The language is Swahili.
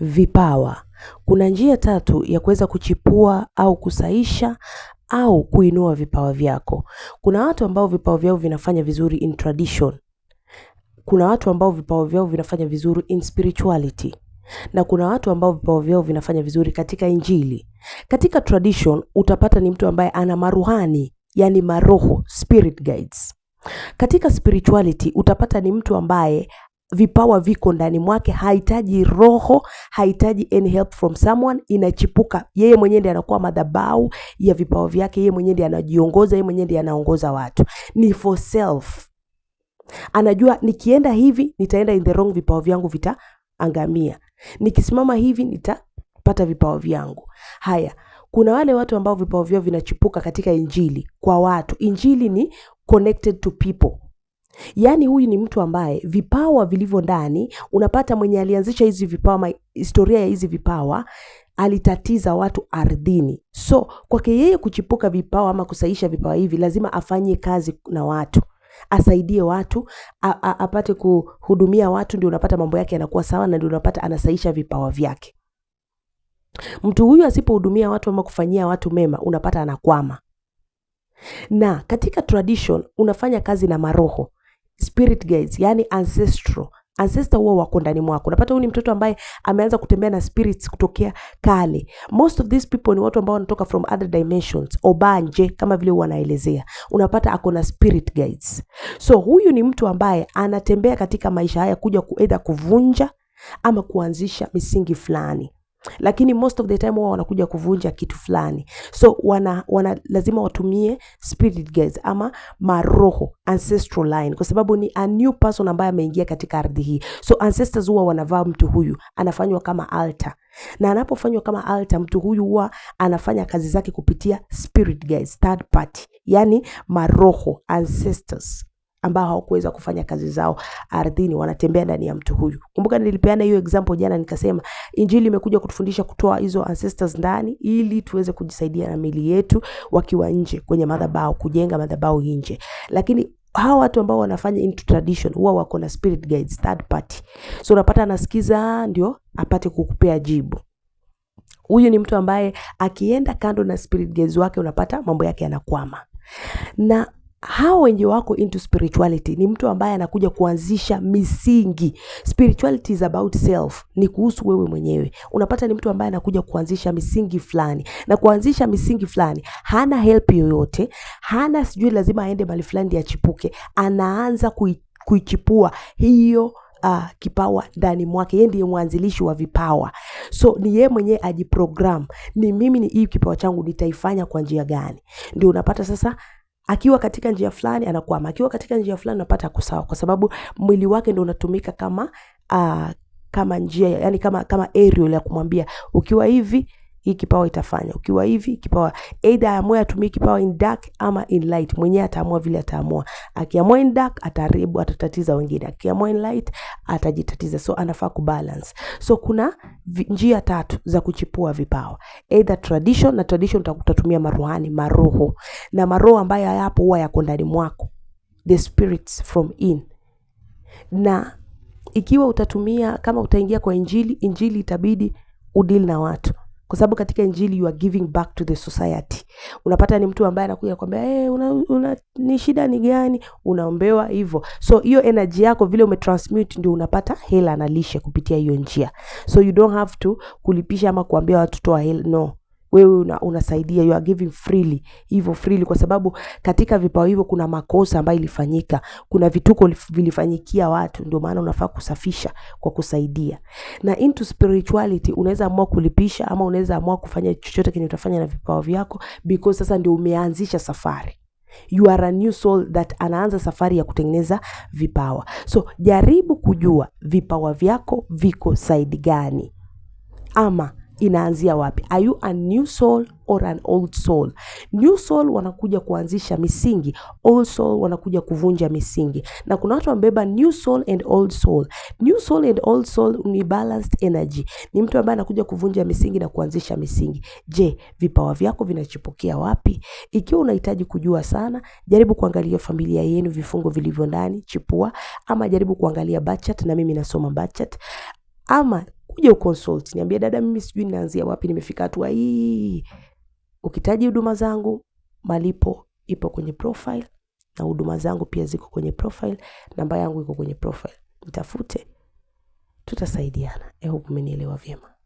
vipawa. Kuna njia tatu ya kuweza kuchipua au kusaisha au kuinua vipawa vyako. Kuna watu ambao vipawa vyao vinafanya vizuri in tradition. Kuna watu ambao vipawa vyao vinafanya vizuri in spirituality na kuna watu ambao vipawa vyao vinafanya vizuri katika Injili. Katika tradition utapata ni mtu ambaye ana maruhani, yani maroho, spirit guides. Katika spirituality utapata ni mtu ambaye vipawa viko ndani mwake, hahitaji roho, hahitaji any help from someone, inachipuka yeye mwenyewe ndiye anakuwa madhabahu ya vipawa vyake, yeye mwenyewe ndiye anajiongoza, yeye mwenyewe ndiye anaongoza watu. Ni for self, anajua nikienda hivi nitaenda in the wrong, vipawa vyangu vitaangamia, nikisimama hivi nitapata vipawa vyangu. Haya, kuna wale watu ambao vipawa vyao vinachipuka katika injili kwa watu. Injili ni connected to people Yaani huyu ni mtu ambaye vipawa vilivyo ndani, unapata mwenye alianzisha hizi vipawa, historia ya hizi vipawa alitatiza watu ardhini. So kwake yeye kuchipuka vipawa ama kusaisha vipawa hivi, lazima afanye kazi na watu, asaidie watu, a, a, apate kuhudumia watu, ndio unapata mambo yake yanakuwa sawa, na ndio unapata anasaisha vipawa vyake. Mtu huyu asipohudumia watu ama kufanyia watu mema, unapata anakwama. Na katika tradition unafanya kazi na maroho spirit guides, yani ancestral ancestor huwa wako ndani mwako. Unapata huyu ni mtoto ambaye ameanza kutembea na spirits kutokea kale. Most of these people ni watu ambao wanatoka from other dimensions, obanje kama vile wanaelezea. Unapata ako na spirit guides. So huyu ni mtu ambaye anatembea katika maisha haya kuja kuedha kuvunja ama kuanzisha misingi fulani lakini most of the time wao wanakuja kuvunja kitu fulani, so wana, wana lazima watumie spirit guides ama maroho ancestral line, kwa sababu ni a new person ambaye ameingia katika ardhi hii. So ancestors huwa wanavaa mtu huyu, anafanywa kama altar, na anapofanywa kama altar, mtu huyu huwa anafanya kazi zake kupitia spirit guides, third party, yani maroho ancestors ambao hawakuweza kufanya kazi zao ardhini wanatembea ndani ya mtu huyu. Kumbuka nilipeana hiyo example jana, nikasema injili imekuja kutufundisha kutoa hizo ancestors ndani ili tuweze kujisaidia na mili yetu wakiwa nje kwenye madhabahu, kujenga madhabahu nje. Lakini hawa watu ambao wanafanya into tradition huwa wako na spirit guides, third party. So unapata anasikiza ndio apate kukupea jibu. Huyu ni mtu ambaye akienda kando na spirit guides wake, unapata mambo yake yanakwama na hao wenye wako into spirituality ni mtu ambaye anakuja kuanzisha misingi. Spirituality is about self, ni kuhusu wewe mwenyewe. Unapata ni mtu ambaye anakuja kuanzisha misingi fulani, na kuanzisha misingi fulani hana help yoyote, hana sijui lazima aende mahali fulani yachipuke, anaanza kui, kuichipua hiyo Uh, kipawa ndani mwake. Yeye ndiye mwanzilishi wa vipawa, so ni yeye mwenyewe ajiprogram, ni mimi, ni hii kipawa changu nitaifanya kwa njia gani? Ndio unapata sasa akiwa katika njia fulani anakwama, akiwa katika njia fulani anapata kusawa, kwa sababu mwili wake ndio unatumika kama uh, kama njia yani kama kama aerial ya kumwambia ukiwa hivi hii kipawa itafanya. Ukiwa hivi kipawa either aamue atumie kipawa in dark ama in light, mwenyewe ataamua vile ataamua. Akiamua in dark ataribu atatatiza wengine, akiamua in light atajitatiza. So anafaa kubalance. So kuna njia tatu za kuchipua vipawa, either tradition, na tradition utatumia maruhani, maroho na maroho ambayo hayapo huwa yako ndani mwako, the spirits from in na ikiwa utatumia kama utaingia kwa Injili, Injili itabidi udili na watu kwa sababu katika injili you are giving back to the society. Unapata ni mtu ambaye anakuja kwambia hey, eh, una, una, ni shida ni gani, unaombewa hivyo. So hiyo energy yako vile umetransmute, ndio unapata hela na lishe kupitia hiyo njia. So you don't have to kulipisha ama kuambia watu wa hela, no wewe una, unasaidia you are giving freely, hivyo freely, kwa sababu katika vipao hivyo kuna makosa ambayo ilifanyika, kuna vituko vilifanyikia watu, ndio maana unafaa kusafisha kwa kusaidia. Na into spirituality, unaweza amua kulipisha ama unaweza amua kufanya chochote kile utafanya na vipao vyako, because sasa ndio umeanzisha safari You are a new soul that anaanza safari ya kutengeneza vipawa. So jaribu kujua vipawa vyako viko saidi gani, ama inaanzia wapi? Are you a new soul or an old soul? New soul wanakuja kuanzisha misingi, old soul wanakuja kuvunja misingi, na kuna watu wamebeba new soul and old soul. New soul and old soul ni balanced energy, ni mtu ambaye anakuja kuvunja misingi na kuanzisha misingi. Je, vipawa vyako vinachipokea wapi? Ikiwa unahitaji kujua sana, jaribu kuangalia familia yenu, vifungo vilivyo ndani, chipua ama jaribu kuangalia bachat, na mimi nasoma bachat ama Kuja uconsult, niambia dada, mimi sijui ninaanzia wapi, nimefika hatua hii. Ukitaji huduma zangu, malipo ipo kwenye profile na huduma zangu pia ziko kwenye profile, namba yangu iko kwenye profile. Nitafute, tutasaidiana. hope umenielewa vyema.